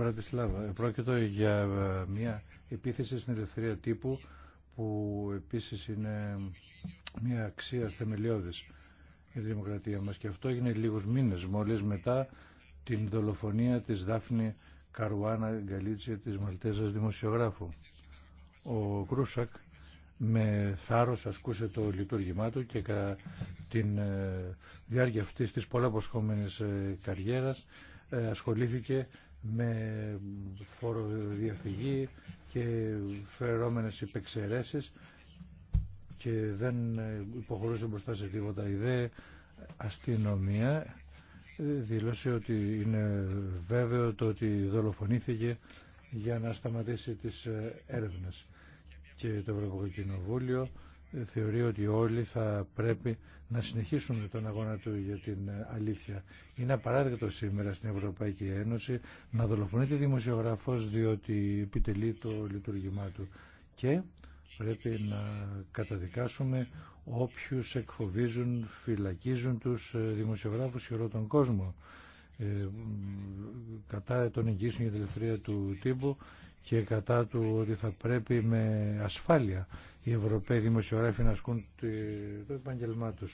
Ε, πρόκειται για ε, μια επίθεση στην ελευθερία τύπου που επίσης είναι μια αξία θεμελιώδης για τη δημοκρατία μας και αυτό έγινε λίγους μήνες μόλις μετά την δολοφονία της Δάφνη Καρουάνα Γκαλίτσια της Μαλτέζας δημοσιογράφου. Ο Κρούσακ με θάρρος ασκούσε το λειτουργήμά του και κατά την ε, διάρκεια αυτής της πολλαποσχόμενης καριέρας ασχολήθηκε με φοροδιαφυγή και φερόμενες υπεξαιρέσεις και δεν υποχωρούσε μπροστά σε τίποτα η αστυνομία δήλωσε ότι είναι βέβαιο το ότι δολοφονήθηκε για να σταματήσει τις έρευνες και το Ευρωπαϊκό Κοινοβούλιο θεωρεί ότι όλοι θα πρέπει να συνεχίσουν τον αγώνα του για την ε, αλήθεια. Είναι απαράδεκτο σήμερα στην Ευρωπαϊκή Ένωση να δολοφονείται δημοσιογράφος διότι επιτελεί το λειτουργήμά του. Και πρέπει να καταδικάσουμε όποιους εκφοβίζουν, φυλακίζουν τους ε, δημοσιογράφους σε όλο τον κόσμο. Ε, κατά τον εγγύσεων για ελευθερία του τύπου και κατά του ότι θα πρέπει με ασφάλεια οι Ευρωπαίοι δημοσιογράφοι να ασκούν το επάγγελμά του.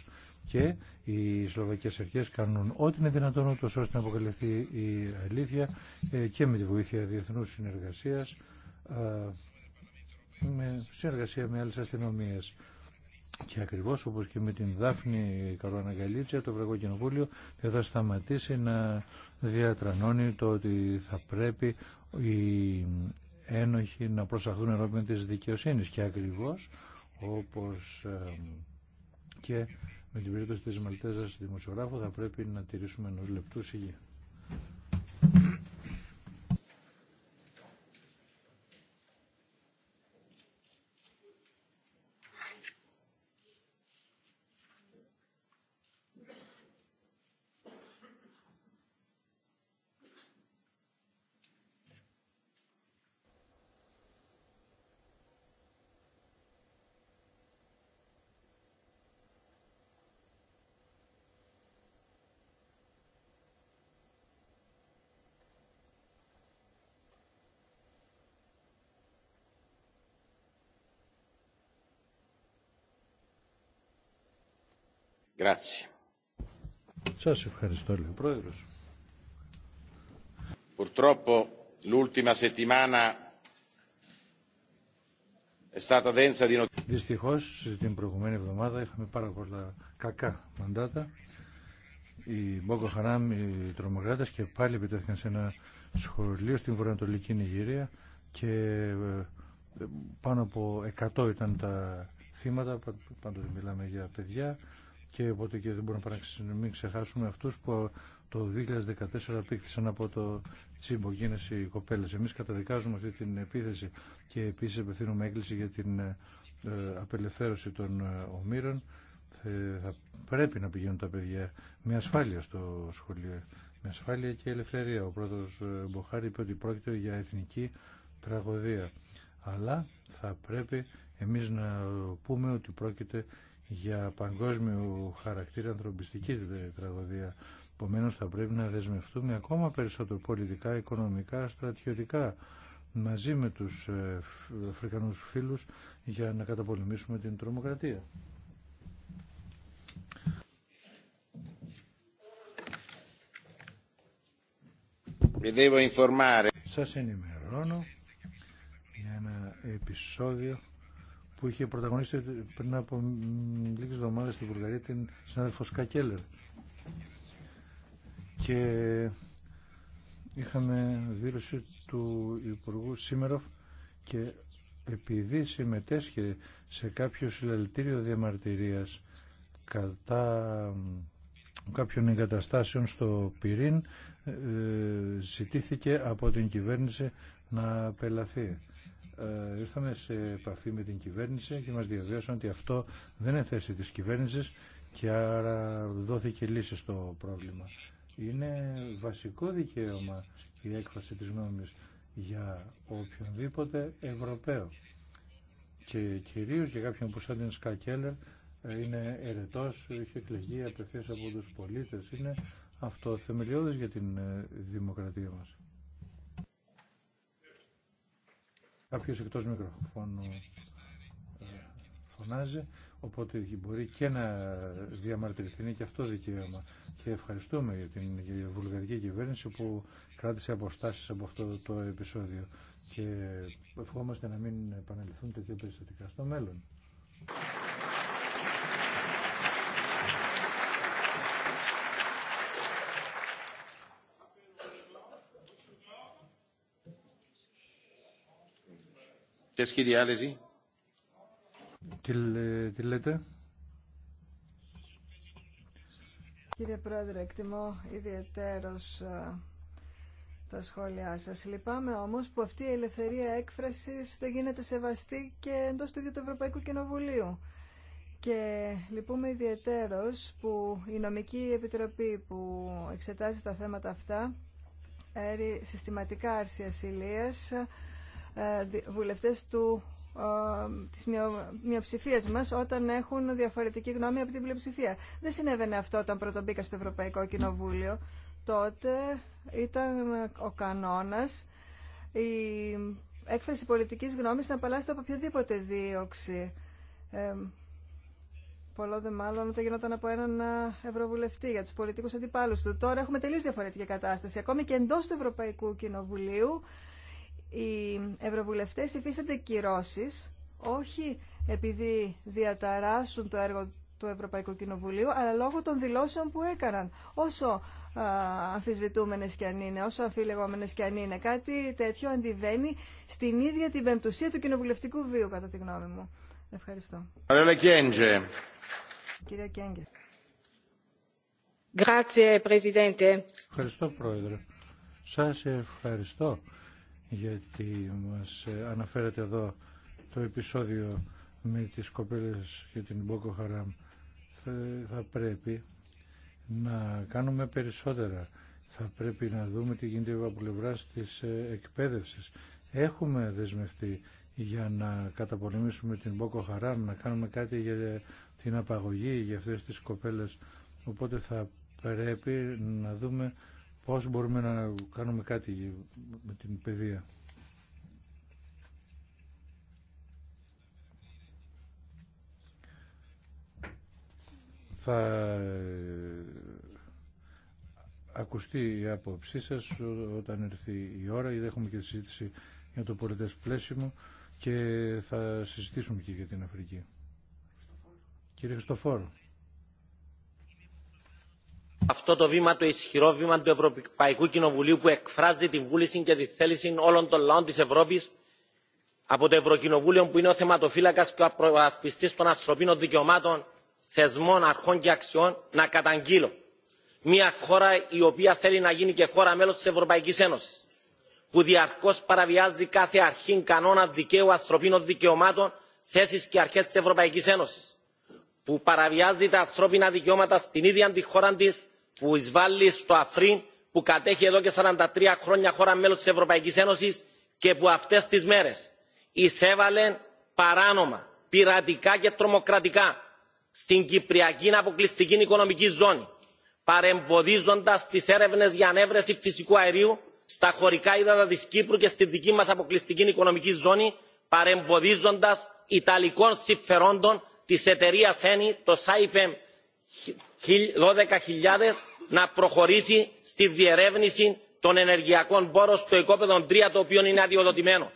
Και οι Σλοβακές Αρχές κάνουν ό,τι είναι δυνατόν ούτως ώστε να αποκαλυφθεί η αλήθεια ε, και με τη βοήθεια διεθνούς συνεργασίας, ε, με συνεργασία με άλλες αστυνομίες. Και ακριβώ όπω και με την Δάφνη Καροναγκαλίτσια, το Ευρωπαϊκό Κοινοβούλιο δεν θα σταματήσει να διατρανώνει το ότι θα πρέπει οι ένοχοι να προσαχθούν ενώπιον της δικαιοσύνης και ακριβώς όπως ε, και με την περίπτωση της Μαλτέζας δημοσιογράφου θα πρέπει να τηρήσουμε ενός λεπτού υγεία. Grazie. Σας ευχαριστώ, λέει ο Πρόεδρος. Purtroppo l'ultima settimana è stata densa di notizie. Δυστυχώς την προηγουμένη εβδομάδα είχαμε πάρα πολλά κακά μαντάτα. Οι Μπόκο Χαράμ, οι τρομοκράτες και πάλι επιτέθηκαν σε ένα σχολείο στην βορειοανατολική Νιγηρία και ε, πάνω από 100 ήταν τα θύματα, πάντοτε μιλάμε για παιδιά και οπότε και δεν μπορούμε να μην ξεχάσουμε αυτούς που το 2014 πήχθησαν από το τσίμπο γίνες οι κοπέλες. Εμείς καταδικάζουμε αυτή την επίθεση και επίσης επευθύνουμε έκκληση για την ε, απελευθέρωση των ε, ομήρων. Θα πρέπει να πηγαίνουν τα παιδιά με ασφάλεια στο σχολείο. Με ασφάλεια και ελευθερία. Ο πρόεδρος ε, Μποχάρη είπε ότι πρόκειται για εθνική τραγωδία. Αλλά θα πρέπει εμείς να πούμε ότι πρόκειται για παγκόσμιο χαρακτήρα ανθρωπιστική τραγωδία. Επομένω θα πρέπει να δεσμευτούμε ακόμα περισσότερο πολιτικά, οικονομικά, στρατιωτικά μαζί με τους ε, Αφρικανούς φίλους για να καταπολεμήσουμε την τρομοκρατία. Σας ενημερώνω για ένα επεισόδιο που είχε πρωταγωνίσει πριν από λίγες εβδομάδες στη Βουλγαρία την συνάδελφο Σκακέλερ. Και είχαμε δήλωση του Υπουργού Σίμεροφ και επειδή συμμετέσχε σε κάποιο συλλαλητήριο διαμαρτυρίας κατά κάποιων εγκαταστάσεων στο Πυρήν ε, ζητήθηκε από την κυβέρνηση να απελαθεί. Ε, ήρθαμε σε επαφή με την κυβέρνηση και μας διαβίωσαν ότι αυτό δεν είναι θέση της κυβέρνησης και άρα δόθηκε λύση στο πρόβλημα. Είναι βασικό δικαίωμα η έκφραση της νόμης για οποιονδήποτε Ευρωπαίο και κυρίως για κάποιον που σαν την Κέλλερ ε, είναι ερετός, έχει εκλεγεί απευθείας από τους πολίτες, είναι αυτό για την ε, δημοκρατία μας. Κάποιος εκτός μικροφώνου ε, φωνάζει, οπότε μπορεί και να διαμαρτυρηθεί, είναι και αυτό δικαίωμα. Και ευχαριστούμε για την βουλγαρική κυβέρνηση που κράτησε αποστάσεις από αυτό το επεισόδιο και ευχόμαστε να μην επαναληφθούν τέτοια περιστατικά στο μέλλον. τι, τι λέτε. Κύριε Πρόεδρε, εκτιμώ ιδιαίτερος ε, τα σχόλιά σας. Λυπάμαι όμως που αυτή η ελευθερία έκφρασης δεν γίνεται σεβαστή και εντός του ίδιου του Ευρωπαϊκού Κοινοβουλίου. Και λυπούμε ιδιαίτερος που η νομική επιτροπή που εξετάζει τα θέματα αυτά έρει συστηματικά αρσιασιλίας ε, βουλευτές του, ε, της μειοψηφίας μας όταν έχουν διαφορετική γνώμη από την πλειοψηφία. Δεν συνέβαινε αυτό όταν πρώτον μπήκα στο Ευρωπαϊκό Κοινοβούλιο. Τότε ήταν ο κανόνας η έκφραση πολιτικής γνώμης να απαλλάσσεται από οποιαδήποτε δίωξη. Ε, πολλό δε μάλλον όταν γινόταν από έναν ε, ευρωβουλευτή για τους πολιτικούς αντιπάλους του. Τώρα έχουμε τελείως διαφορετική κατάσταση. Ακόμη και εντός του Ευρωπαϊκού Κοινοβουλίου οι ευρωβουλευτές υφίστανται κυρώσεις όχι επειδή διαταράσσουν το έργο του Ευρωπαϊκού Κοινοβουλίου, αλλά λόγω των δηλώσεων που έκαναν. Όσο α, αμφισβητούμενες και αν είναι, όσο αμφιλεγόμενες και αν είναι, κάτι τέτοιο αντιβαίνει στην ίδια την πεμπτουσία του κοινοβουλευτικού βίου, κατά τη γνώμη μου. Ευχαριστώ. Ευχαριστώ, Πρόεδρε. Σας ευχαριστώ γιατί μας αναφέρεται εδώ το επεισόδιο με τις κοπέλες και την Μπόκο Χαράμ θα, πρέπει να κάνουμε περισσότερα θα πρέπει να δούμε τι γίνεται από πλευρά της ε, εκπαίδευσης έχουμε δεσμευτεί για να καταπολεμήσουμε την Μπόκο Χαράμ να κάνουμε κάτι για την απαγωγή για αυτές τις κοπέλες οπότε θα πρέπει να δούμε Πώς μπορούμε να κάνουμε κάτι με την παιδεία. Θα ε, ακουστεί η άποψή σας όταν έρθει η ώρα. Ήδη έχουμε και τη συζήτηση για το Πορετές πλαίσιμο και θα συζητήσουμε και για την Αφρική. Κύριε Χριστοφόρο. Αυτό το βήμα, το ισχυρό βήμα του Ευρωπαϊκού Κοινοβουλίου που εκφράζει τη βούληση και τη θέληση όλων των λαών τη Ευρώπη από το Ευρωκοινοβούλιο που είναι ο θεματοφύλακα και ο προασπιστή των ανθρωπίνων δικαιωμάτων, θεσμών, αρχών και αξιών, να καταγγείλω. Μια χώρα η οποία θέλει να γίνει και χώρα μέλο τη Ευρωπαϊκή Ένωση, που διαρκώ παραβιάζει κάθε αρχή κανόνα δικαίου ανθρωπίνων δικαιωμάτων, θέσει και αρχέ τη Ευρωπαϊκή Ένωση, που παραβιάζει τα ανθρώπινα δικαιώματα στην ίδια τη χώρα τη που εισβάλλει στο Αφρίν που κατέχει εδώ και 43 χρόνια χώρα μέλος της Ευρωπαϊκής Ένωσης και που αυτές τις μέρες εισέβαλε παράνομα, πειρατικά και τρομοκρατικά στην Κυπριακή αποκλειστική οικονομική ζώνη, παρεμποδίζοντας τις έρευνες για ανέβρεση φυσικού αερίου στα χωρικά ύδατα της Κύπρου και στη δική μας αποκλειστική οικονομική ζώνη, παρεμποδίζοντας Ιταλικών συμφερόντων της εταιρείας ΕΝΗ, το ΣΑΙΠΕΜ 12.000, να προχωρήσει στη διερεύνηση των ενεργειακών πόρων στο οικόπεδο 3 το οποίο είναι αδειοδοτημένο.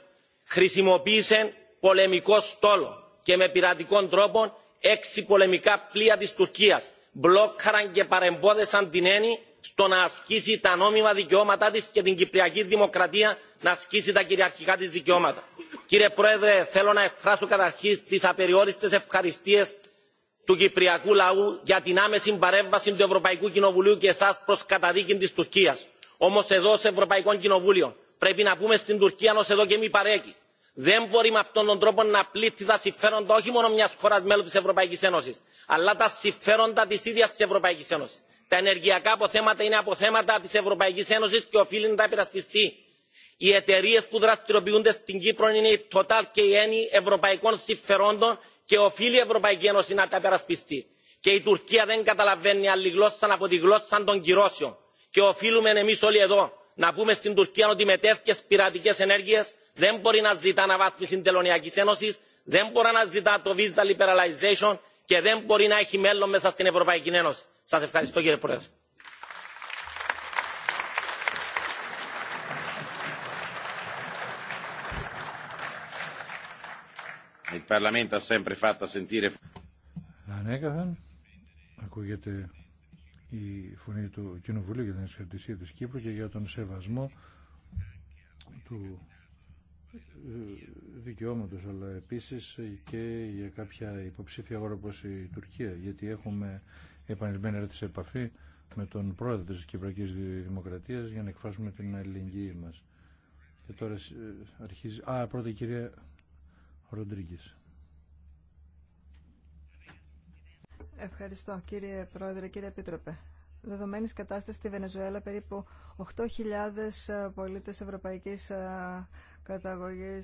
Χρησιμοποίησε πολεμικό στόλο και με πειρατικό τρόπο έξι πολεμικά πλοία της Τουρκίας. Μπλόκαραν και παρεμπόδεσαν την έννοια στο να ασκήσει τα νόμιμα δικαιώματά της και την Κυπριακή Δημοκρατία να ασκήσει τα κυριαρχικά της δικαιώματα. Κύριε Πρόεδρε, θέλω να εκφράσω καταρχήν τις απεριόριστες ευχαριστίες του κυπριακού λαού για την άμεση παρέμβαση του Ευρωπαϊκού Κοινοβουλίου και εσά προ καταδίκη τη Τουρκία. Όμω εδώ, σε Ευρωπαϊκό Κοινοβούλιο, πρέπει να πούμε στην Τουρκία ω εδώ και μη παρέκει. Δεν μπορεί με αυτόν τον τρόπο να πλήττει τα συμφέροντα όχι μόνο μια χώρα μέλου τη Ευρωπαϊκή Ένωση, αλλά τα συμφέροντα τη ίδια τη Ευρωπαϊκή Ένωση. Τα ενεργειακά αποθέματα είναι αποθέματα τη Ευρωπαϊκή Ένωση και οφείλει να τα υπερασπιστεί. Οι εταιρείε που δραστηριοποιούνται στην Κύπρο είναι η Total και η Ένη Ευρωπαϊκών Συμφερόντων και οφείλει η Ευρωπαϊκή Ένωση να τα περασπιστεί Και η Τουρκία δεν καταλαβαίνει άλλη γλώσσα από τη γλώσσα των κυρώσεων. Και οφείλουμε εμεί όλοι εδώ να πούμε στην Τουρκία ότι με τέτοιε πειρατικέ ενέργειε δεν μπορεί να ζητά αναβάθμιση τελωνιακή ένωση, δεν μπορεί να ζητά το visa liberalization και δεν μπορεί να έχει μέλλον μέσα στην Ευρωπαϊκή Ένωση. Σα ευχαριστώ κύριε Πρόεδρε. Il Ανέκαθεν ακούγεται η φωνή του Κοινοβουλίου για την εξαρτησία της Κύπρου και για τον σεβασμό του ε, δικαιώματος αλλά επίσης και για κάποια υποψήφια χώρα όπως η Τουρκία γιατί έχουμε επανειλημμένη τη επαφή με τον πρόεδρο της Κυπριακής Δημοκρατίας για να εκφράσουμε την αλληλεγγύη μας. Και τώρα ε, αρχίζει... Α, πρώτα κυρία Ευχαριστώ κύριε Πρόεδρε, κύριε Επίτροπε. Δεδομένης κατάσταση στη Βενεζουέλα, περίπου 8.000 ε, πολίτε Ευρωπαϊκή ε, Καταγωγή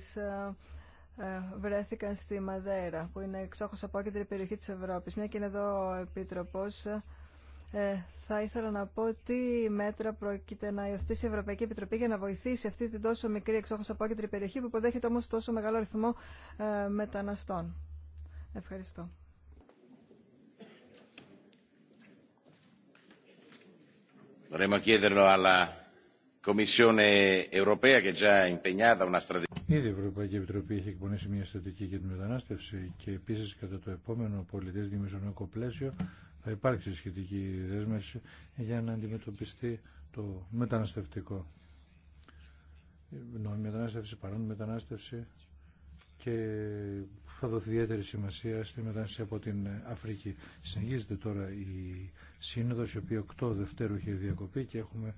ε, βρέθηκαν στη Μαδέρα, που είναι εξόχω απόκεντρη περιοχή τη Ευρώπη. Μια και είναι εδώ ο Επίτροπο, ε, θα ήθελα να πω τι μέτρα πρόκειται να υιοθετήσει η Ευρωπαϊκή Επιτροπή για να βοηθήσει αυτή την τόσο μικρή εξόχως απόκεντρη περιοχή που υποδέχεται όμως τόσο μεγάλο αριθμό ε, μεταναστών. Ευχαριστώ. Vorremmo chiederlo alla Commissione europea che è impegnata una Ήδη η Ευρωπαϊκή Επιτροπή έχει εκπονήσει μια στρατηγική για τη μετανάστευση και επίση κατά το επόμενο πολιτέ δημιουργικό πλαίσιο θα υπάρξει σχετική δέσμευση για να αντιμετωπιστεί το μεταναστευτικό. Νόμιμη μετανάστευση, παρόν μετανάστευση και θα δοθεί ιδιαίτερη σημασία στη μετανάστευση από την Αφρική. Συνεχίζεται τώρα η σύνοδος, η οποία 8 Δευτέρου είχε διακοπεί και έχουμε